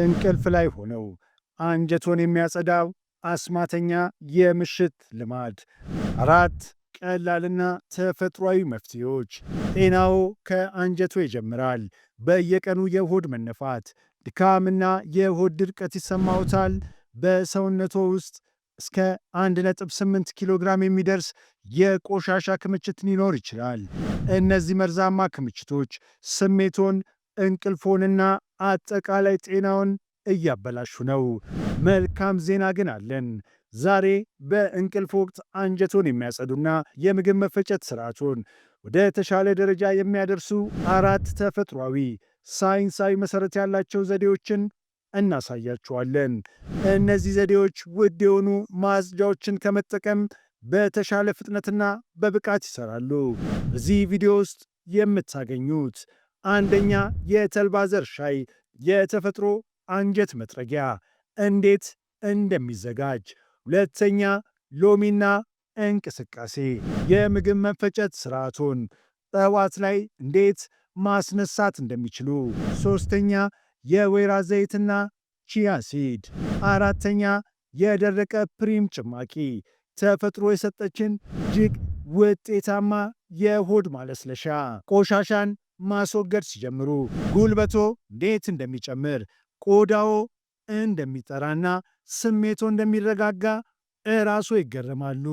እንቅልፍ ላይ ሆነው አንጀቶን የሚያጸዳው አስማተኛ የምሽት ልማድ። አራት ቀላልና ተፈጥሯዊ መፍትሄዎች። ጤናዎ ከአንጀቶ ይጀምራል። በየቀኑ የሆድ መነፋት፣ ድካምና የሆድ ድርቀት ይሰማዎታል? በሰውነቶ ውስጥ እስከ 1.8 ኪሎ ግራም የሚደርስ የቆሻሻ ክምችት ሊኖር ይችላል። እነዚህ መርዛማ ክምችቶች ስሜቶን እንቅልፎንና አጠቃላይ ጤናውን እያበላሹ ነው። መልካም ዜና ግን አለን። ዛሬ በእንቅልፍ ወቅት አንጀቶን የሚያጸዱና የምግብ መፈጨት ስርዓቱን ወደ ተሻለ ደረጃ የሚያደርሱ አራት ተፈጥሯዊ ሳይንሳዊ መሠረት ያላቸው ዘዴዎችን እናሳያችኋለን። እነዚህ ዘዴዎች ውድ የሆኑ ማጽጃዎችን ከመጠቀም በተሻለ ፍጥነትና በብቃት ይሰራሉ። በዚህ ቪዲዮ ውስጥ የምታገኙት አንደኛ የተልባ ዘር ሻይ የተፈጥሮ አንጀት መጥረጊያ እንዴት እንደሚዘጋጅ፣ ሁለተኛ ሎሚና እንቅስቃሴ የምግብ መፈጨት ስርዓቱን ጠዋት ላይ እንዴት ማስነሳት እንደሚችሉ፣ ሶስተኛ የወይራ ዘይትና ቺያ ሲድ፣ አራተኛ የደረቀ ፕሪም ጭማቂ ተፈጥሮ የሰጠችን እጅግ ውጤታማ የሆድ ማለስለሻ ቆሻሻን ማስወገድ ሲጀምሩ ጉልበቶ እንዴት እንደሚጨምር፣ ቆዳዎ እንደሚጠራና ስሜቶ እንደሚረጋጋ እራሶ ይገረማሉ።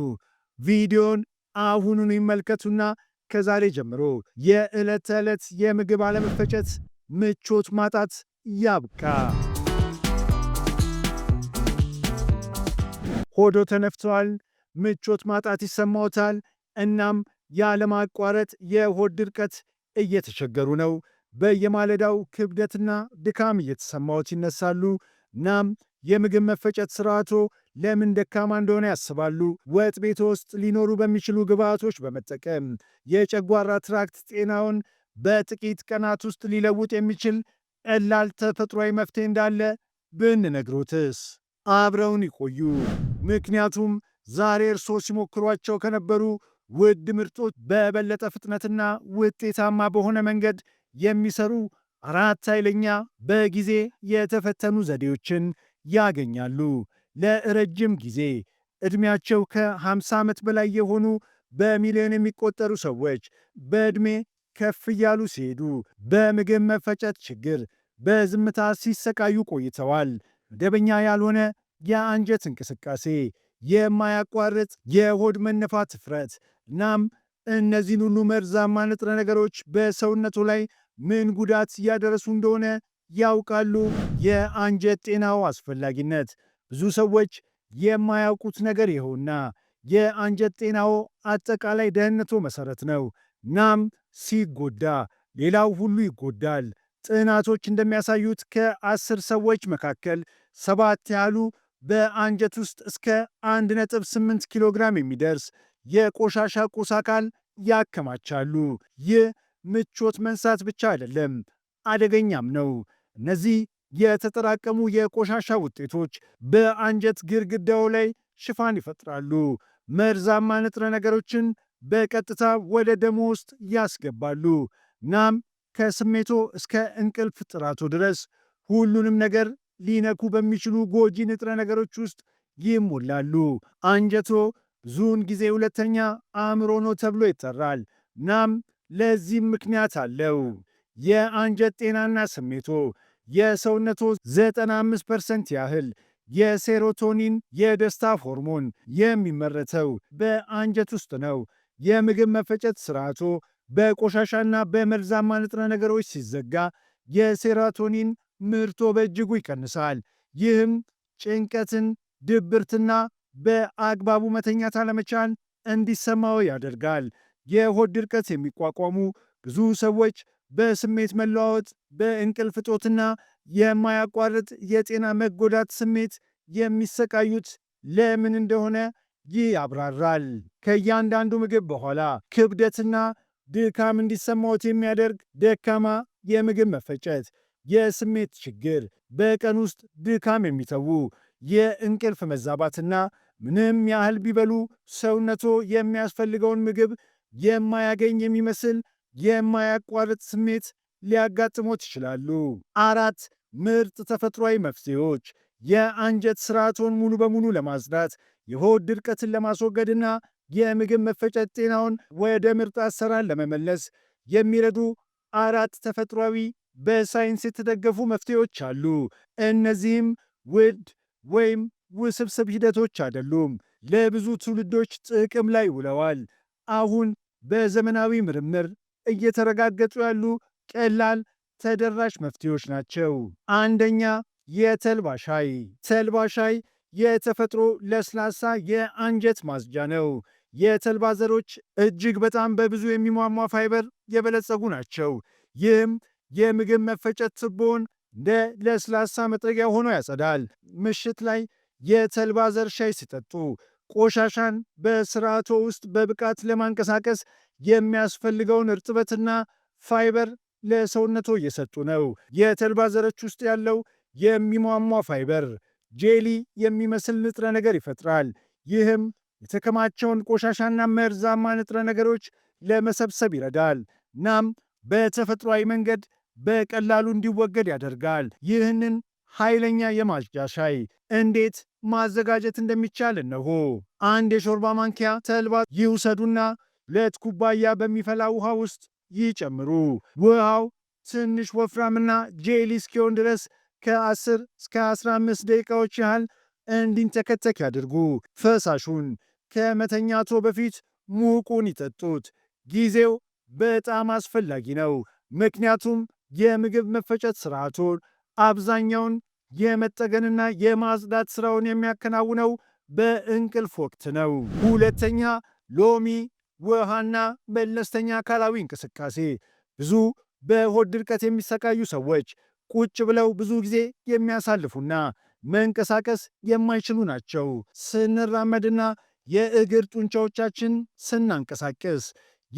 ቪዲዮን አሁኑን ይመልከቱና ከዛሬ ጀምሮ የዕለት ተዕለት የምግብ አለመፈጨት፣ ምቾት ማጣት ያብቃ። ሆዶ ተነፍተዋል፣ ምቾት ማጣት ይሰማዎታል? እናም ያለማቋረጥ የሆድ ድርቀት እየተቸገሩ ነው። በየማለዳው ክብደትና ድካም እየተሰማዎት ይነሳሉ። እናም የምግብ መፈጨት ስርዓቶ ለምን ደካማ እንደሆነ ያስባሉ። ወጥ ቤት ውስጥ ሊኖሩ በሚችሉ ግብዓቶች በመጠቀም የጨጓራ ትራክት ጤናውን በጥቂት ቀናት ውስጥ ሊለውጥ የሚችል ቀላል ተፈጥሯዊ መፍትሄ እንዳለ ብንነግሮትስ? አብረውን ይቆዩ፣ ምክንያቱም ዛሬ እርስዎ ሲሞክሯቸው ከነበሩ ውድ ምርቶች በበለጠ ፍጥነትና ውጤታማ በሆነ መንገድ የሚሰሩ አራት ኃይለኛ በጊዜ የተፈተኑ ዘዴዎችን ያገኛሉ። ለረጅም ጊዜ ዕድሜያቸው ከ50 ዓመት በላይ የሆኑ በሚሊዮን የሚቆጠሩ ሰዎች በዕድሜ ከፍ እያሉ ሲሄዱ በምግብ መፈጨት ችግር በዝምታ ሲሰቃዩ ቆይተዋል። መደበኛ ያልሆነ የአንጀት እንቅስቃሴ የማያቋርጥ የሆድ መነፋት እፍረት። እናም እነዚህን ሁሉ መርዛማ ንጥረ ነገሮች በሰውነቱ ላይ ምን ጉዳት እያደረሱ እንደሆነ ያውቃሉ። የአንጀት ጤናው አስፈላጊነት ብዙ ሰዎች የማያውቁት ነገር ይኸውና የአንጀት ጤናው አጠቃላይ ደህንነቱ መሰረት ነው። እናም ሲጎዳ ሌላው ሁሉ ይጎዳል። ጥናቶች እንደሚያሳዩት ከአስር ሰዎች መካከል ሰባት ያህሉ በአንጀት ውስጥ እስከ 1.8 ኪሎ ግራም የሚደርስ የቆሻሻ ቁስ አካል ያከማቻሉ። ይህ ምቾት መንሳት ብቻ አይደለም፣ አደገኛም ነው። እነዚህ የተጠራቀሙ የቆሻሻ ውጤቶች በአንጀት ግድግዳው ላይ ሽፋን ይፈጥራሉ፣ መርዛማ ንጥረ ነገሮችን በቀጥታ ወደ ደሞ ውስጥ ያስገባሉ። ናም ከስሜቶ እስከ እንቅልፍ ጥራቶ ድረስ ሁሉንም ነገር ሊነኩ በሚችሉ ጎጂ ንጥረ ነገሮች ውስጥ ይሞላሉ። አንጀቶ ብዙውን ጊዜ ሁለተኛ አእምሮ ነው ተብሎ ይጠራል። ናም ለዚህም ምክንያት አለው። የአንጀት ጤናና ስሜቶ የሰውነቶ 95% ያህል የሴሮቶኒን የደስታ ሆርሞን የሚመረተው በአንጀት ውስጥ ነው። የምግብ መፈጨት ስርዓቶ በቆሻሻና በመርዛማ ንጥረ ነገሮች ሲዘጋ የሴራቶኒን ምርቶ በእጅጉ ይቀንሳል። ይህም ጭንቀትን፣ ድብርትና በአግባቡ መተኛት አለመቻል እንዲሰማው ያደርጋል። የሆድ ድርቀት የሚቋቋሙ ብዙ ሰዎች በስሜት መለዋወጥ፣ በእንቅልፍ እጦትና የማያቋርጥ የጤና መጎዳት ስሜት የሚሰቃዩት ለምን እንደሆነ ያብራራል። ከእያንዳንዱ ምግብ በኋላ ክብደትና ድካም እንዲሰማዎት የሚያደርግ ደካማ የምግብ መፈጨት የስሜት ችግር፣ በቀን ውስጥ ድካም የሚተዉ የእንቅልፍ መዛባትና ምንም ያህል ቢበሉ ሰውነቶ የሚያስፈልገውን ምግብ የማያገኝ የሚመስል የማያቋርጥ ስሜት ሊያጋጥሞት ይችላሉ። አራት ምርጥ ተፈጥሯዊ መፍትሄዎች የአንጀት ስርዓቶን ሙሉ በሙሉ ለማጽዳት የሆድ ድርቀትን ለማስወገድና የምግብ መፈጨት ጤናውን ወደ ምርጥ አሰራር ለመመለስ የሚረዱ አራት ተፈጥሯዊ በሳይንስ የተደገፉ መፍትሄዎች አሉ። እነዚህም ውድ ወይም ውስብስብ ሂደቶች አይደሉም፣ ለብዙ ትውልዶች ጥቅም ላይ ውለዋል። አሁን በዘመናዊ ምርምር እየተረጋገጡ ያሉ ቀላል ተደራሽ መፍትሄዎች ናቸው። አንደኛ፣ የተልባ ሻይ። ተልባ ሻይ የተፈጥሮ ለስላሳ የአንጀት ማጽጃ ነው። የተልባ ዘሮች እጅግ በጣም በብዙ የሚሟሟ ፋይበር የበለጸጉ ናቸው። ይህም የምግብ መፈጨት ቱቦን እንደ ለስላሳ መጥረጊያ ሆኖ ያጸዳል። ምሽት ላይ የተልባ ዘር ሻይ ሲጠጡ ቆሻሻን በስርዓቶ ውስጥ በብቃት ለማንቀሳቀስ የሚያስፈልገውን እርጥበትና ፋይበር ለሰውነቶ እየሰጡ ነው። የተልባ ዘሮች ውስጥ ያለው የሚሟሟ ፋይበር ጄሊ የሚመስል ንጥረ ነገር ይፈጥራል። ይህም የተከማቸውን ቆሻሻና መርዛማ ንጥረ ነገሮች ለመሰብሰብ ይረዳል። እናም በተፈጥሯዊ መንገድ በቀላሉ እንዲወገድ ያደርጋል። ይህንን ኃይለኛ የማጽጃ ሻይ እንዴት ማዘጋጀት እንደሚቻል እነሆ። አንድ የሾርባ ማንኪያ ተልባ ይውሰዱና ሁለት ኩባያ በሚፈላ ውሃ ውስጥ ይጨምሩ። ውሃው ትንሽ ወፍራምና ጄሊ እስኪሆን ድረስ ከ10 እስከ 15 ደቂቃዎች ያህል እንዲንተከተክ ያድርጉ። ፈሳሹን ከመተኛቶ በፊት ሙቁን ይጠጡት። ጊዜው በጣም አስፈላጊ ነው፣ ምክንያቱም የምግብ መፈጨት ስርዓቱን አብዛኛውን የመጠገንና የማጽዳት ስራውን የሚያከናውነው በእንቅልፍ ወቅት ነው። ሁለተኛ ሎሚ፣ ውሃና መለስተኛ አካላዊ እንቅስቃሴ። ብዙ በሆድ ድርቀት የሚሰቃዩ ሰዎች ቁጭ ብለው ብዙ ጊዜ የሚያሳልፉና መንቀሳቀስ የማይችሉ ናቸው። ስንራመድና የእግር ጡንቻዎቻችን ስናንቀሳቀስ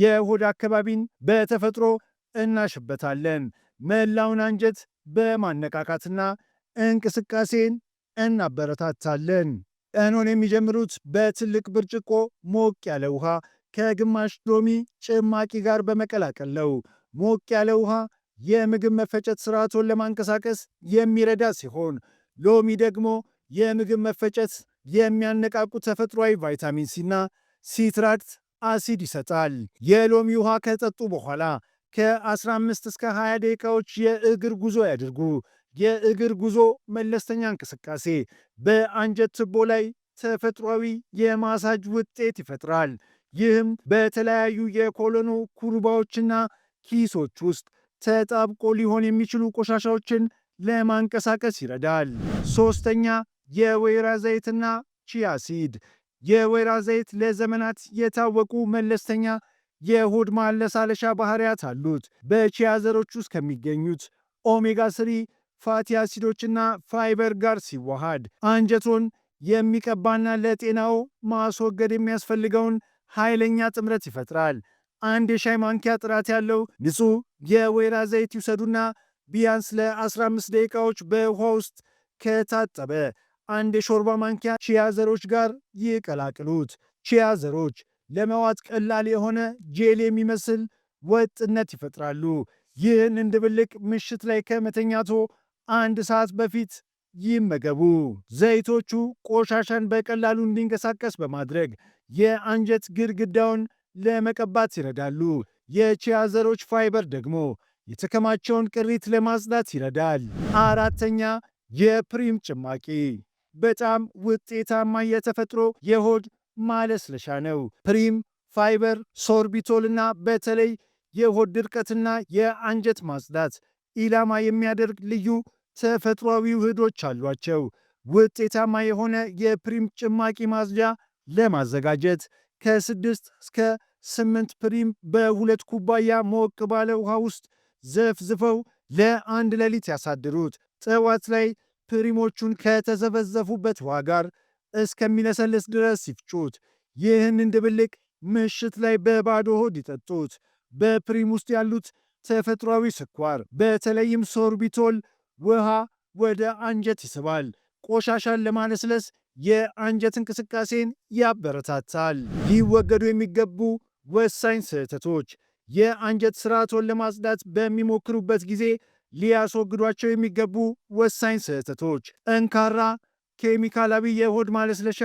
የሆድ አካባቢን በተፈጥሮ እናሽበታለን። መላውን አንጀት በማነቃቃትና እንቅስቃሴን እናበረታታለን። ቀኖን የሚጀምሩት በትልቅ ብርጭቆ ሞቅ ያለ ውሃ ከግማሽ ሎሚ ጭማቂ ጋር በመቀላቀል ነው። ሞቅ ያለ ውሃ የምግብ መፈጨት ስርዓቶን ለማንቀሳቀስ የሚረዳ ሲሆን ሎሚ ደግሞ የምግብ መፈጨት የሚያነቃቁ ተፈጥሯዊ ቫይታሚን ሲና ሲትራክት አሲድ ይሰጣል። የሎሚ ውሃ ከጠጡ በኋላ ከ15 እስከ 20 ደቂቃዎች የእግር ጉዞ ያድርጉ። የእግር ጉዞ መለስተኛ እንቅስቃሴ በአንጀት ቱቦ ላይ ተፈጥሯዊ የማሳጅ ውጤት ይፈጥራል። ይህም በተለያዩ የኮሎኖ ኩርባዎችና ኪሶች ውስጥ ተጣብቆ ሊሆን የሚችሉ ቆሻሻዎችን ለማንቀሳቀስ ይረዳል። ሶስተኛ የወይራ ዘይትና ቺያ ሲድ። የወይራ ዘይት ለዘመናት የታወቁ መለስተኛ የሆድ ማለሳለሻ ባህሪያት አሉት። በቺያ ዘሮች ውስጥ ከሚገኙት ኦሜጋ ስሪ ፋቲ አሲዶችና ፋይበር ጋር ሲዋሃድ አንጀቶን የሚቀባና ለጤናው ማስወገድ የሚያስፈልገውን ኃይለኛ ጥምረት ይፈጥራል። አንድ የሻይ ማንኪያ ጥራት ያለው ንጹህ የወይራ ዘይት ይውሰዱና ቢያንስ ለ15 ደቂቃዎች በውሃ ውስጥ ከታጠበ አንድ የሾርባ ማንኪያ ቺያ ዘሮች ጋር ይቀላቅሉት። ቺያ ዘሮች ለመዋጥ ቀላል የሆነ ጄል የሚመስል ወጥነት ይፈጥራሉ። ይህን እንድብልቅ ምሽት ላይ ከመተኛቶ አንድ ሰዓት በፊት ይመገቡ። ዘይቶቹ ቆሻሻን በቀላሉ እንዲንቀሳቀስ በማድረግ የአንጀት ግድግዳውን ለመቀባት ይረዳሉ። የቺያ ዘሮች ፋይበር ደግሞ የተከማቸውን ቅሪት ለማጽዳት ይረዳል። አራተኛ የፕሪም ጭማቂ በጣም ውጤታማ የተፈጥሮ የሆድ ማለስለሻ ነው። ፕሪም ፋይበር፣ ሶርቢቶል እና በተለይ የሆድ ድርቀትና የአንጀት ማጽዳት ኢላማ የሚያደርግ ልዩ ተፈጥሯዊ ውህዶች አሏቸው። ውጤታማ የሆነ የፕሪም ጭማቂ ማጽጃ ለማዘጋጀት ከስድስት እስከ ስምንት ፕሪም በሁለት ኩባያ ሞቅ ባለ ውሃ ውስጥ ዘፍዝፈው ለአንድ ሌሊት ያሳድሩት። ጠዋት ላይ ፕሪሞቹን ከተዘፈዘፉበት ውሃ ጋር እስከሚለሰልስ ድረስ ይፍጩት። ይህንን ድብልቅ ምሽት ላይ በባዶ ሆድ ይጠጡት። በፕሪም ውስጥ ያሉት ተፈጥሯዊ ስኳር በተለይም ሶርቢቶል ውሃ ወደ አንጀት ይስባል፣ ቆሻሻን ለማለስለስ የአንጀት እንቅስቃሴን ያበረታታል። ሊወገዱ የሚገቡ ወሳኝ ስህተቶች የአንጀት ስርዓቶን ለማጽዳት በሚሞክሩበት ጊዜ ሊያስወግዷቸው የሚገቡ ወሳኝ ስህተቶች ጠንካራ ኬሚካላዊ የሆድ ማለስለሻ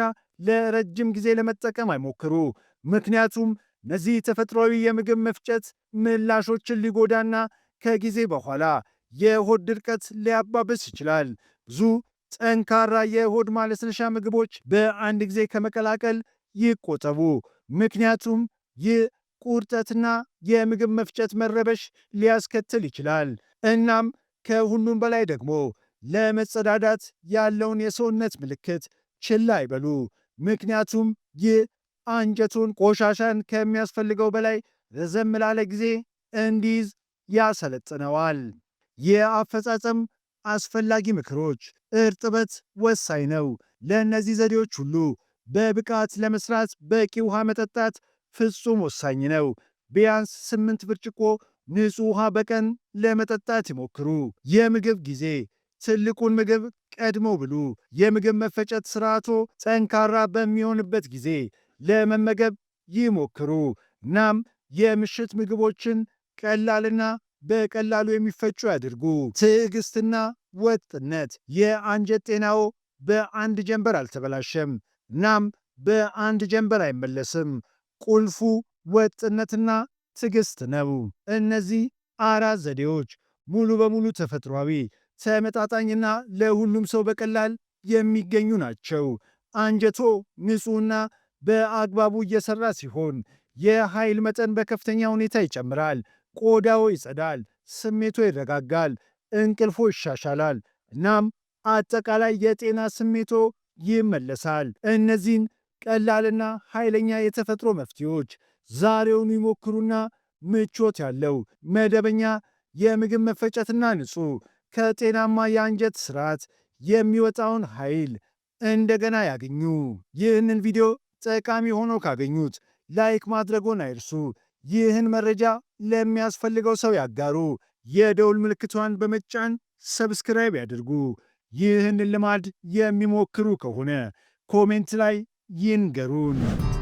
ለረጅም ጊዜ ለመጠቀም አይሞክሩ። ምክንያቱም እነዚህ ተፈጥሯዊ የምግብ መፍጨት ምላሾችን ሊጎዳና ከጊዜ በኋላ የሆድ ድርቀት ሊያባብስ ይችላል። ብዙ ጠንካራ የሆድ ማለስለሻ ምግቦች በአንድ ጊዜ ከመቀላቀል ይቆጠቡ፣ ምክንያቱም ይህ ቁርጠትና የምግብ መፍጨት መረበሽ ሊያስከትል ይችላል። እናም ከሁሉም በላይ ደግሞ ለመጸዳዳት ያለውን የሰውነት ምልክት ችላ አይበሉ። ምክንያቱም ይህ አንጀቱን ቆሻሻን ከሚያስፈልገው በላይ ረዘም ላለ ጊዜ እንዲይዝ ያሰለጥነዋል። የአፈጻጸም አስፈላጊ ምክሮች፣ እርጥበት ወሳኝ ነው። ለእነዚህ ዘዴዎች ሁሉ በብቃት ለመስራት በቂ ውሃ መጠጣት ፍጹም ወሳኝ ነው። ቢያንስ ስምንት ብርጭቆ ንጹህ ውሃ በቀን ለመጠጣት ይሞክሩ። የምግብ ጊዜ ትልቁን ምግብ ቀድሞ ብሉ። የምግብ መፈጨት ስርዓቶ ጠንካራ በሚሆንበት ጊዜ ለመመገብ ይሞክሩ። እናም የምሽት ምግቦችን ቀላልና በቀላሉ የሚፈጩ ያድርጉ። ትዕግስትና ወጥነት። የአንጀት ጤናዎ በአንድ ጀንበር አልተበላሸም፣ እናም በአንድ ጀንበር አይመለስም። ቁልፉ ወጥነትና ትዕግስት ነው። እነዚህ አራት ዘዴዎች ሙሉ በሙሉ ተፈጥሯዊ ተመጣጣኝና ለሁሉም ሰው በቀላል የሚገኙ ናቸው። አንጀቶ ንጹሕና በአግባቡ እየሰራ ሲሆን የኃይል መጠን በከፍተኛ ሁኔታ ይጨምራል። ቆዳው ይጸዳል፣ ስሜቶ ይረጋጋል፣ እንቅልፎ ይሻሻላል፣ እናም አጠቃላይ የጤና ስሜቶ ይመለሳል። እነዚህን ቀላልና ኃይለኛ የተፈጥሮ መፍትሄዎች ዛሬውን ይሞክሩና ምቾት ያለው መደበኛ የምግብ መፈጨትና ንጹህ ከጤናማ የአንጀት ስርዓት የሚወጣውን ኃይል እንደገና ያገኙ። ይህንን ቪዲዮ ጠቃሚ ሆኖ ካገኙት ላይክ ማድረጎን አይርሱ። ይህን መረጃ ለሚያስፈልገው ሰው ያጋሩ። የደውል ምልክቷን በመጫን ሰብስክራይብ ያድርጉ። ይህን ልማድ የሚሞክሩ ከሆነ ኮሜንት ላይ ይንገሩን።